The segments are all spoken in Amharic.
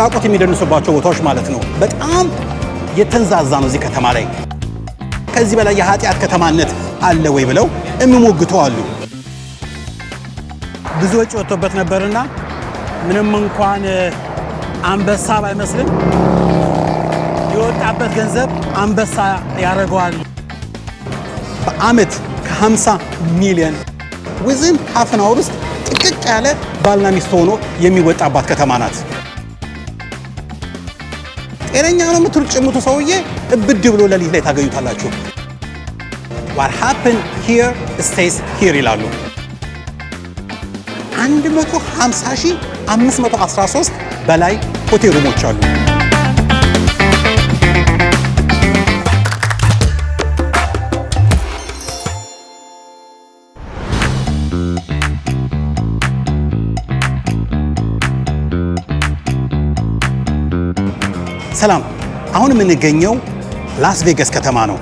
ራቆት የሚደንሱባቸው ቦታዎች ማለት ነው። በጣም የተንዛዛ ነው እዚህ ከተማ ላይ። ከዚህ በላይ የኃጢአት ከተማነት አለ ወይ ብለው የሚሞግተው አሉ። ብዙ ወጪ ወጥቶበት ነበርና ምንም እንኳን አንበሳ ባይመስልም የወጣበት ገንዘብ አንበሳ ያደርገዋል። በአመት ከ50 ሚሊዮን ዊዝን ሀፍናውር ውስጥ ጥቅቅ ያለ ባልና ሚስት ሆኖ የሚወጣባት ከተማ ናት። ጤነኛ ነው የምትሉ ጭምቱ ሰውዬ እብድ ብሎ ለሊት ላይ ታገኙታላችሁ። ዋት ሃፕን ሂር ስቴይስ ሂር ይላሉ። 150513 በላይ ሆቴል ሩሞች አሉ። ሰላም። አሁን የምንገኘው ላስ ቬገስ ከተማ ነው።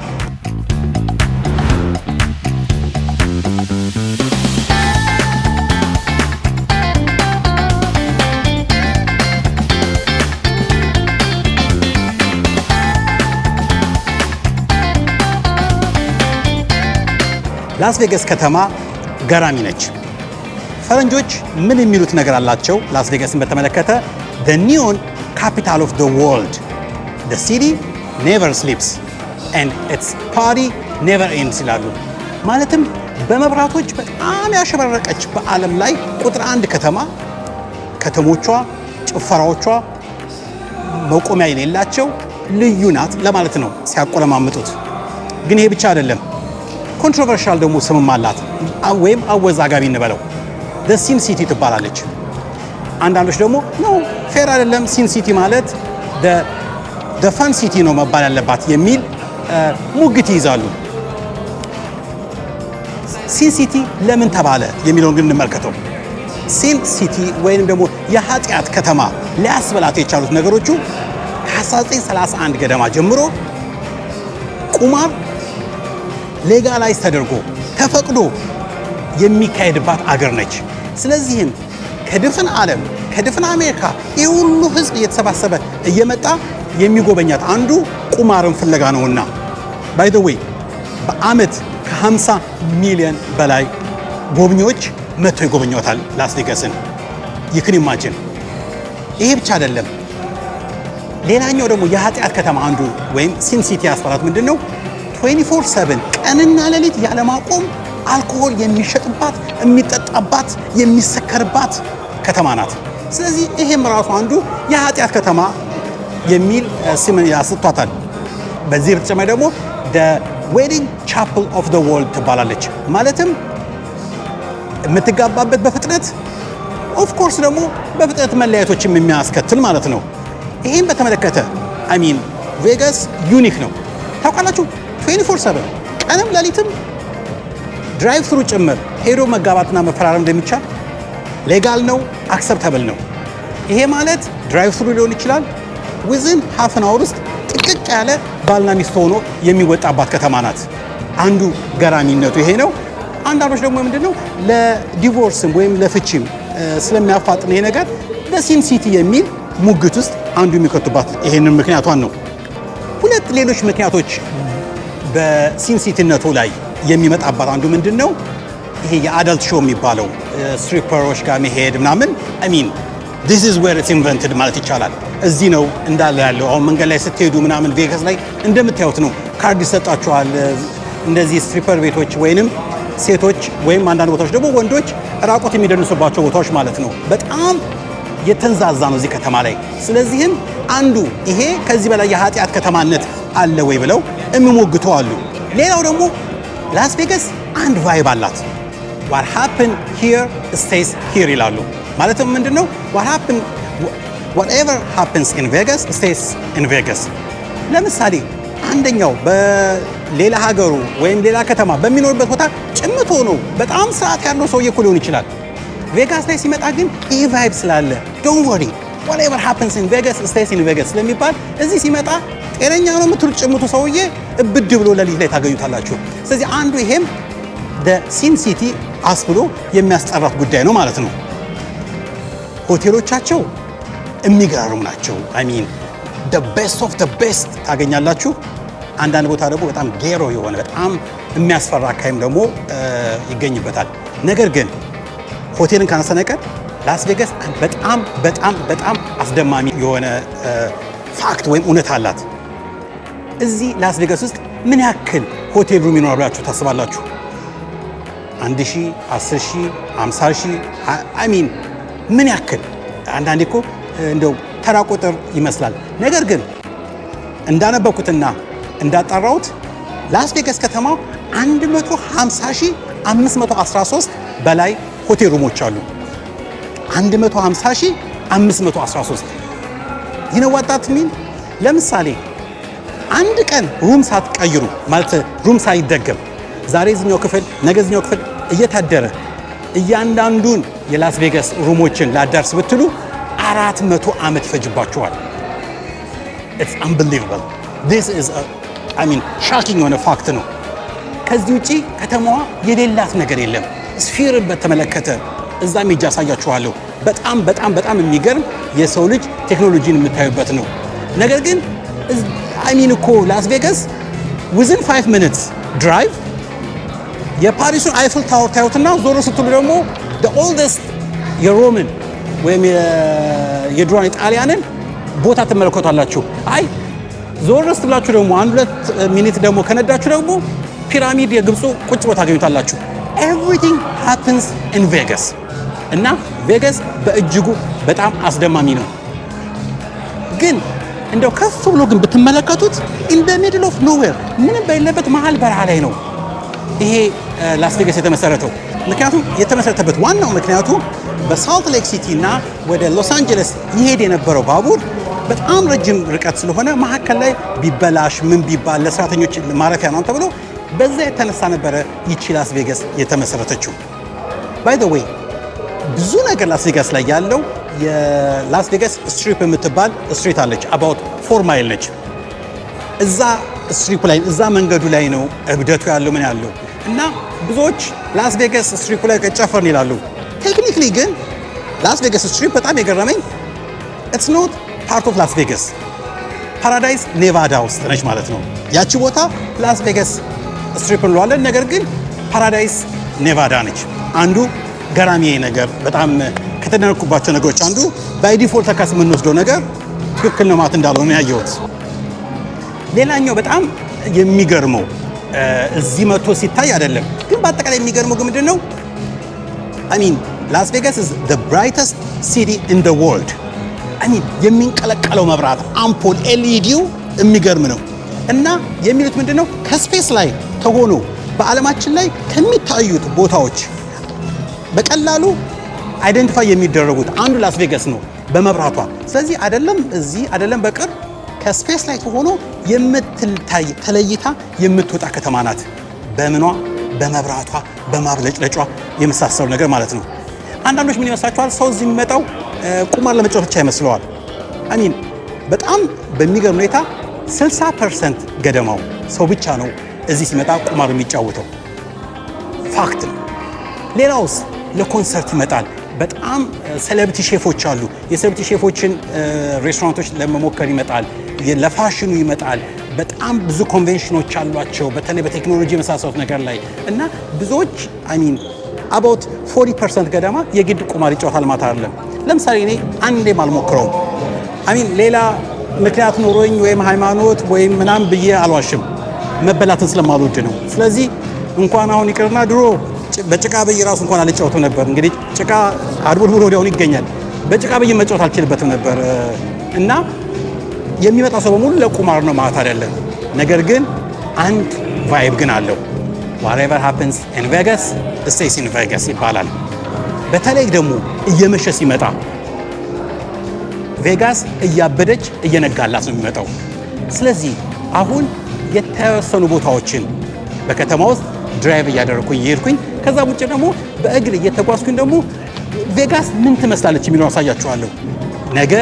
ላስ ቬገስ ከተማ ገራሚ ነች። ፈረንጆች ምን የሚሉት ነገር አላቸው? ላስ ቬገስን በተመለከተ ኒዮን ካፒታል ኦፍ ዘ ወርልድ the city never sleeps and its party never ends ይላሉ። ማለትም በመብራቶች በጣም ያሸበረቀች በዓለም ላይ ቁጥር አንድ ከተማ ከተሞቿ፣ ጭፈራዎቿ መቆሚያ የሌላቸው ልዩ ናት ለማለት ነው ሲያቆለማምጡት። ግን ይሄ ብቻ አይደለም። ኮንትሮቨርሻል ደግሞ ስምም አላት ወይም አወዛጋቢ እንበለው ሲን ሲቲ ትባላለች። አንዳንዶች ደግሞ ነው ፌር አይደለም። ሲን ሲቲ ማለት ደፋን ሲቲ ነው መባል ያለባት የሚል ሙግት ይይዛሉ። ሲን ሲቲ ለምን ተባለ የሚለውን ግን እንመልከተው። ሲን ሲቲ ወይም ደግሞ የኃጢአት ከተማ ሊያስበላት የቻሉት ነገሮቹ ከ1931 ገደማ ጀምሮ ቁማር ሌጋላይዝ ተደርጎ ተፈቅዶ የሚካሄድባት አገር ነች። ስለዚህም ከድፍን ዓለም ከድፍን አሜሪካ ይህ ሁሉ እየተሰባሰበ እየመጣ የሚጎበኛት አንዱ ቁማርን ፍለጋ ነውና ባይ ዘ ዌይ በአመት ከ50 ሚሊዮን በላይ ጎብኚዎች መጥተው ይጎበኟታል ላስ ቬጋስን። ይክን ይማችን ይሄ ብቻ አይደለም። ሌላኛው ደግሞ የኃጢአት ከተማ አንዱ ወይም ሲን ሲቲ ያስፈራት ምንድን ነው 24/7 ቀንና ሌሊት ያለማቆም አልኮሆል የሚሸጥባት የሚጠጣባት፣ የሚሰከርባት ከተማ ናት። ስለዚህ ይሄም ራሱ አንዱ የኃጢአት ከተማ የሚል ስም ያሰጥቷታል። በዚህ በተጨማሪ ደግሞ ዌዲንግ ቻፕል ኦፍ ደ ወርልድ ትባላለች። ማለትም የምትጋባበት በፍጥነት ኦፍኮርስ ደግሞ በፍጥነት መለያየቶችም የሚያስከትል ማለት ነው። ይህም በተመለከተ አሚን ቬጋስ ዩኒክ ነው። ታውቃላችሁ 24 ቀንም ሌሊትም ድራይቭ ስሩ ጭምር ሄዶ መጋባትና መፈራረም እንደሚቻል ሌጋል ነው፣ አክሰፕተብል ነው። ይሄ ማለት ድራይቭ ስሩ ሊሆን ይችላል ዊዝን ሀፍን አወር ውስጥ ጥቅቅ ያለ ባልና ሚስት ሆኖ የሚወጣባት ከተማ ናት። አንዱ ገራሚነቱ ይሄ ነው። አንዳንዶች ደግሞ ምንድን ነው ለዲቮርስም ወይም ለፍቺም ስለሚያፋጥን ይሄ ነገር ለሲም ሲቲ የሚል ሙግት ውስጥ አንዱ የሚከቱባት ይሄንን ምክንያቷን ነው። ሁለት ሌሎች ምክንያቶች በሲም ሲቲነቱ ላይ የሚመጣባት አንዱ ምንድን ነው ይሄ የአዳልት ሾው የሚባለው ስትሪፐሮች ጋር መሄድ ምናምን አሚን ዲስ ኢዝ ዌር ኢትስ ኢንቨንትድ ማለት ይቻላል። እዚህ ነው እንዳለ ያለው። አሁን መንገድ ላይ ስትሄዱ ምናምን ቬጋስ ላይ እንደምታዩት ነው። ካርድ ይሰጣችኋል። እንደዚህ ስትሪፐር ቤቶች ወይንም ሴቶች ወይም አንዳንድ ቦታዎች ደግሞ ወንዶች ራቁት የሚደንሱባቸው ቦታዎች ማለት ነው። በጣም የተንዛዛ ነው እዚህ ከተማ ላይ። ስለዚህም አንዱ ይሄ ከዚህ በላይ የኃጢአት ከተማነት አለ ወይ ብለው የሚሞግቱ አሉ። ሌላው ደግሞ ላስ ቬጋስ አንድ ቫይብ አላት። ዋት ሃፕን ሂር ስቴይስ ሂር ይላሉ። ማለትም ምንድን ነው ዋትኤቨር ሃፕንስ ኢን ቬጋስ ስቴስ ኢን ቬጋስ። ለምሳሌ አንደኛው በሌላ ሀገሩ ወይም ሌላ ከተማ በሚኖርበት ቦታ ጭምት ሆኖ በጣም ስርዓት ያለው ሰውዬ እኮ ሊሆን ይችላል። ቬጋስ ላይ ሲመጣ ግን ይህ ቫይብ ስላለ ዶንት ወሪ ዋትኤቨር ሃፕንስ ኢን ቬጋስ ስቴስ ኢን ቬጋስ ስለሚባል እዚህ ሲመጣ ጤነኛ ነው የምትሉት ጭምቱ ሰውዬ እብድ ብሎ ለሊት ላይ ታገኙታላችሁ። ስለዚህ አንዱ ይሄም ሲን ሲቲ አስብሎ የሚያስጠራት ጉዳይ ነው ማለት ነው። ሆቴሎቻቸው የሚገራርሙ ናቸው። አሚን ቤስት ኦፍ ቤስት ታገኛላችሁ። አንዳንድ ቦታ ደግሞ በጣም ጌሮ የሆነ በጣም የሚያስፈራ አካይም ደግሞ ይገኝበታል። ነገር ግን ሆቴልን ካነሰነቀን ላስ ቬጋስ በጣም በጣም በጣም አስደማሚ የሆነ ፋክት ወይም እውነት አላት። እዚህ ላስ ቬጋስ ውስጥ ምን ያክል ሆቴል ሩም ይኖራል ብላችሁ ታስባላችሁ? አንድ ሺህ አስር ሺህ አምሳ ሺህ አይ ሚን ምን ያክል አንዳንዴ እኮ እንደው ተራ ቁጥር ይመስላል። ነገር ግን እንዳነበኩትና እንዳጠራሁት ላስ ቬጋስ ከተማ 150513 በላይ ሆቴል ሩሞች አሉ። 150513 ይነዋጣት ሚን ለምሳሌ አንድ ቀን ሩም ሳትቀይሩ ማለት ሩም ሳይደገም ዛሬ ዝኛው ክፍል ነገ ዝኛው ክፍል እየታደረ እያንዳንዱን የላስ ቬጋስ ሩሞችን ላዳርስ ብትሉ አራት መቶ ዓመት ይፈጅባችኋል። ኢትስ አንቢሊቨብል ዲስ ኢዝ አይ ሚን ሻኪንግ የሆነ ፋክት ነው። ከዚህ ውጪ ከተማዋ የሌላት ነገር የለም። ስፊርን በተመለከተ እዛ ሜጃ አሳያችኋለሁ። በጣም በጣም በጣም የሚገርም የሰው ልጅ ቴክኖሎጂን የምታዩበት ነው። ነገር ግን አይ ሚን እኮ ላስ ቬጋስ ዊዝን ፋይቭ ሚኒትስ ድራይቭ የፓሪሱን አይፍል ታወር ታዩትና ዞሮ ስትሉ ደግሞ ኦልደስት የሮምን ወይም የድሮን የጣሊያንን ቦታ ትመለከቷላችሁ። አይ ዞር ስትላችሁ ደግሞ አንድ ሁለት ሚኒት ደግሞ ከነዳችሁ ደግሞ ፒራሚድ የግብፁ ቁጭ ቦታ ታገኙታላችሁ። ኤቭሪቲንግ ሃፕንስ ኢን ቬጋስ እና ቬጋስ በእጅጉ በጣም አስደማሚ ነው። ግን እንደው ከፍ ብሎ ግን ብትመለከቱት ኢን ዘ ሚድል ኦፍ ኖዌር ምንም በሌለበት መሀል በረሃ ላይ ነው። ይሄ ላስ ቬጋስ የተመሰረተው። ምክንያቱም የተመሰረተበት ዋናው ምክንያቱ በሳልት ሌክ ሲቲ እና ወደ ሎስ አንጀለስ ይሄድ የነበረው ባቡር በጣም ረጅም ርቀት ስለሆነ መካከል ላይ ቢበላሽ ምን ቢባል ለሰራተኞች ማረፊያ ነው ተብሎ በዛ የተነሳ ነበረ ይቺ ላስ ቬጋስ የተመሰረተችው። ባይ ዘ ዌይ ብዙ ነገር ላስ ቬጋስ ላይ ያለው የላስ ቬጋስ ስትሪፕ የምትባል ስትሪት አለች። አባውት ፎር ማይል ነች። እዛ ስትሪኩ ላይ እዛ መንገዱ ላይ ነው እብደቱ ያለው ምን ያለው እና ብዙዎች ላስ ቬገስ ስትሪኩ ላይ ጨፈርን ይላሉ። ቴክኒክሊ ግን ላስ ቬገስ ስትሪክ በጣም የገረመኝ ኢትስ ኖት ፓርት ኦፍ ላስ ቬገስ ፓራዳይስ ኔቫዳ ውስጥ ነች ማለት ነው። ያቺ ቦታ ላስ ቬጋስ ስትሪፕ እንለዋለን፣ ነገር ግን ፓራዳይስ ኔቫዳ ነች። አንዱ ገራሚ ነገር በጣም ከተደነኩባቸው ነገሮች አንዱ ባይ ዲፎልት ተካስ የምንወስደው ነገር ትክክል ነው ማለት እንዳልሆነ ያየሁት ሌላኛው በጣም የሚገርመው እዚህ መቶ ሲታይ አይደለም ግን በአጠቃላይ የሚገርመው ግን ምንድን ነው አሚን ላስ ቬጋስ ኢዝ ዘ ብራይተስት ሲቲ ኢን ዘ ወርልድ አሚን የሚንቀለቀለው መብራት አምፖል ኤልኢዲው የሚገርም ነው እና የሚሉት ምንድን ነው ከስፔስ ላይ ተሆኖ በዓለማችን ላይ ከሚታዩት ቦታዎች በቀላሉ አይደንቲፋይ የሚደረጉት አንዱ ላስ ቬጋስ ነው በመብራቷ ስለዚህ አይደለም እዚህ አይደለም በቅርብ ከስፔስ ላይ ሆኖ የምትታይ ተለይታ የምትወጣ ከተማ ናት። በምኗ በመብራቷ በማብለጭለጯ የመሳሰሉ ነገር ማለት ነው። አንዳንዶች ምን ይመስላችኋል? ሰው እዚህ የሚመጣው ቁማር ለመጫወት ብቻ ይመስለዋል። አሚን በጣም በሚገርም ሁኔታ 60 ፐርሰንት ገደማው ሰው ብቻ ነው እዚህ ሲመጣ ቁማር የሚጫወተው ፋክት ነው። ሌላውስ ለኮንሰርት ይመጣል። በጣም ሴሌብሪቲ ሼፎች አሉ የሰርቲ ሼፎችን ሬስቶራንቶች ለመሞከር ይመጣል፣ ለፋሽኑ ይመጣል። በጣም ብዙ ኮንቬንሽኖች አሏቸው፣ በተለይ በቴክኖሎጂ የመሳሰሉት ነገር ላይ እና ብዙዎች አሚን አባውት 40 ፐርሰንት ገደማ የግድ ቁማር ይጫወታል ማለት አይደለም። ለምሳሌ እኔ አንዴም አልሞክረውም። አሚን ሌላ ምክንያት ኖሮኝ ወይም ሃይማኖት ወይም ምናም ብዬ አልዋሽም። መበላትን ስለማልወድ ነው። ስለዚህ እንኳን አሁን ይቅርና ድሮ በጭቃ በየራሱ እንኳን አልጫወቱ ነበር። እንግዲህ ጭቃ አድቦልቡሎ ወዲያውኑ ይገኛል። በጭቃ ብዬ መጫወት አልችልበትም ነበር እና የሚመጣ ሰው በሙሉ ለቁማር ነው ማለት አይደለም። ነገር ግን አንድ ቫይብ ግን አለው። ዋትኤቨር ሃፕንስ ኢን ቬጋስ ስቴይስ ኢን ቬጋስ ይባላል። በተለይ ደግሞ እየመሸ ሲመጣ ቬጋስ እያበደች እየነጋላት ነው የሚመጣው። ስለዚህ አሁን የተወሰኑ ቦታዎችን በከተማ ውስጥ ድራይቭ እያደረግኩኝ እየሄድኩኝ ከዛ ውጭ ደግሞ በእግር እየተጓዝኩኝ ደግሞ ቬጋስ ምን ትመስላለች የሚለውን አሳያችኋለሁ። ነገ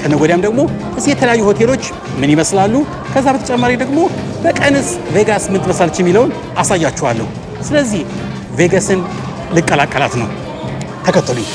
ከነገወዲያም ደግሞ እዚህ የተለያዩ ሆቴሎች ምን ይመስላሉ፣ ከዛ በተጨማሪ ደግሞ በቀንስ ቬጋስ ምን ትመስላለች የሚለውን አሳያችኋለሁ። ስለዚህ ቬጋስን ልቀላቀላት ነው። ተከተሉኝ።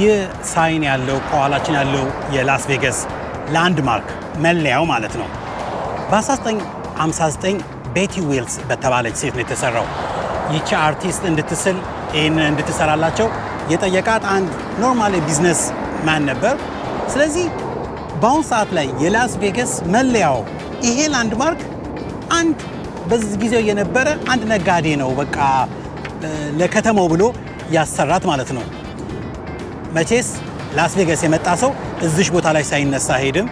ይህ ሳይን ያለው ከኋላችን ያለው የላስ ቬጋስ ላንድማርክ መለያው ማለት ነው። በ1959 ቤቲ ዊልስ በተባለች ሴት ነው የተሰራው። ይቺ አርቲስት እንድትስል ይህን እንድትሰራላቸው የጠየቃት አንድ ኖርማል ቢዝነስ ማን ነበር። ስለዚህ በአሁኑ ሰዓት ላይ የላስ ቬጋስ መለያው ይሄ ላንድማርክ አንድ በዚህ ጊዜው የነበረ አንድ ነጋዴ ነው በቃ ለከተማው ብሎ ያሰራት ማለት ነው። መቼስ ላስ ቬጋስ የመጣ ሰው እዚሽ ቦታ ላይ ሳይነሳ ሄድም።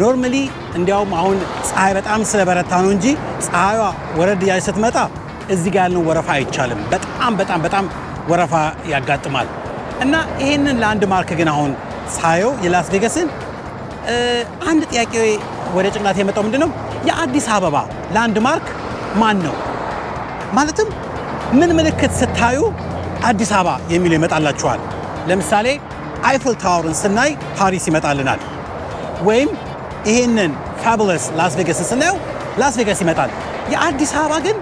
ኖርማሊ እንዲያውም አሁን ፀሐይ በጣም ስለበረታ ነው እንጂ ፀሐይዋ ወረድ እያለች ስትመጣ እዚህ ጋር ያለው ወረፋ አይቻልም። በጣም በጣም በጣም ወረፋ ያጋጥማል። እና ይህንን ለአንድ ማርክ ግን አሁን ሳየው የላስ ቬጋስን አንድ ጥያቄ ወደ ጭንቅላት የመጣው ምንድን ነው የአዲስ አበባ ላንድ ማርክ ማን ነው? ማለትም ምን ምልክት ስታዩ አዲስ አበባ የሚለው ይመጣላችኋል? ለምሳሌ አይፍል ታወርን ስናይ ፓሪስ ይመጣልናል። ወይም ይሄንን ፋብለስ ላስ ቬገስን ስናየው ላስ ቬገስ ይመጣል። የአዲስ አበባ ግን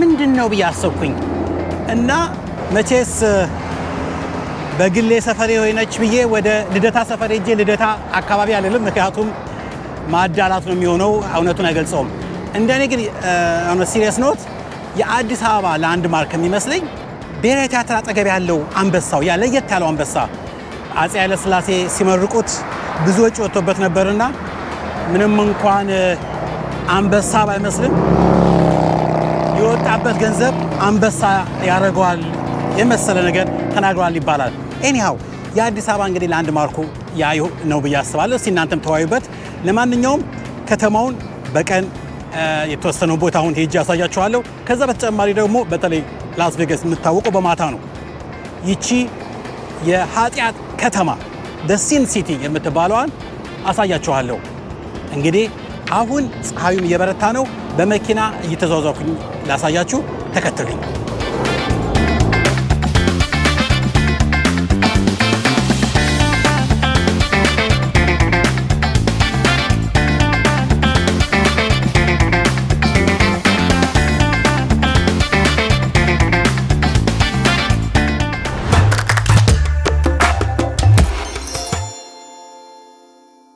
ምንድን ነው ብዬ አሰብኩኝ እና መቼስ በግሌ ሰፈሬ የሆነች ብዬ ወደ ልደታ ሰፈር እጄ ልደታ አካባቢ አልልም፣ ምክንያቱም ማዳላት ነው የሚሆነው፣ እውነቱን አይገልጸውም። እንደኔ ግን ሲሪየስ ኖት የአዲስ አበባ ላንድማርክ የሚመስለኝ ብሔራዊ ቲያትር አጠገብ ያለው አንበሳው ያ ለየት ያለው አንበሳ አፄ ኃይለሥላሴ ሲመርቁት ብዙ ወጪ ወጥቶበት ነበርና ምንም እንኳን አንበሳ ባይመስልም የወጣበት ገንዘብ አንበሳ ያደርገዋል የመሰለ ነገር ተናግሯል ይባላል። ኤኒሃው የአዲስ አበባ እንግዲህ ለአንድ ማርኩ ያዩ ነው ብዬ አስባለሁ። እስቲ እናንተም ተወያዩበት። ለማንኛውም ከተማውን በቀን የተወሰነው ቦታ አሁን ሄጄ ያሳያችኋለሁ። ከዛ በተጨማሪ ደግሞ በተለይ ላስ ቬጋስ የምታወቀው በማታ ነው። ይቺ የኃጢአት ከተማ ደሲን ሲቲ የምትባለዋን አሳያችኋለሁ። እንግዲህ አሁን ፀሐዩም እየበረታ ነው። በመኪና እየተዟዟኩኝ ላሳያችሁ፣ ተከተሉኝ።